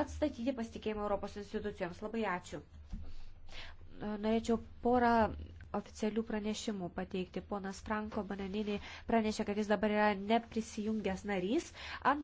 atstatyti pasitikėjimą Europos institucijoms. Labai ačiū. Norėčiau porą oficialių pranešimų pateikti. Ponas Franko Bananinį pranešė, kad jis dabar yra neprisijungęs narys. Ant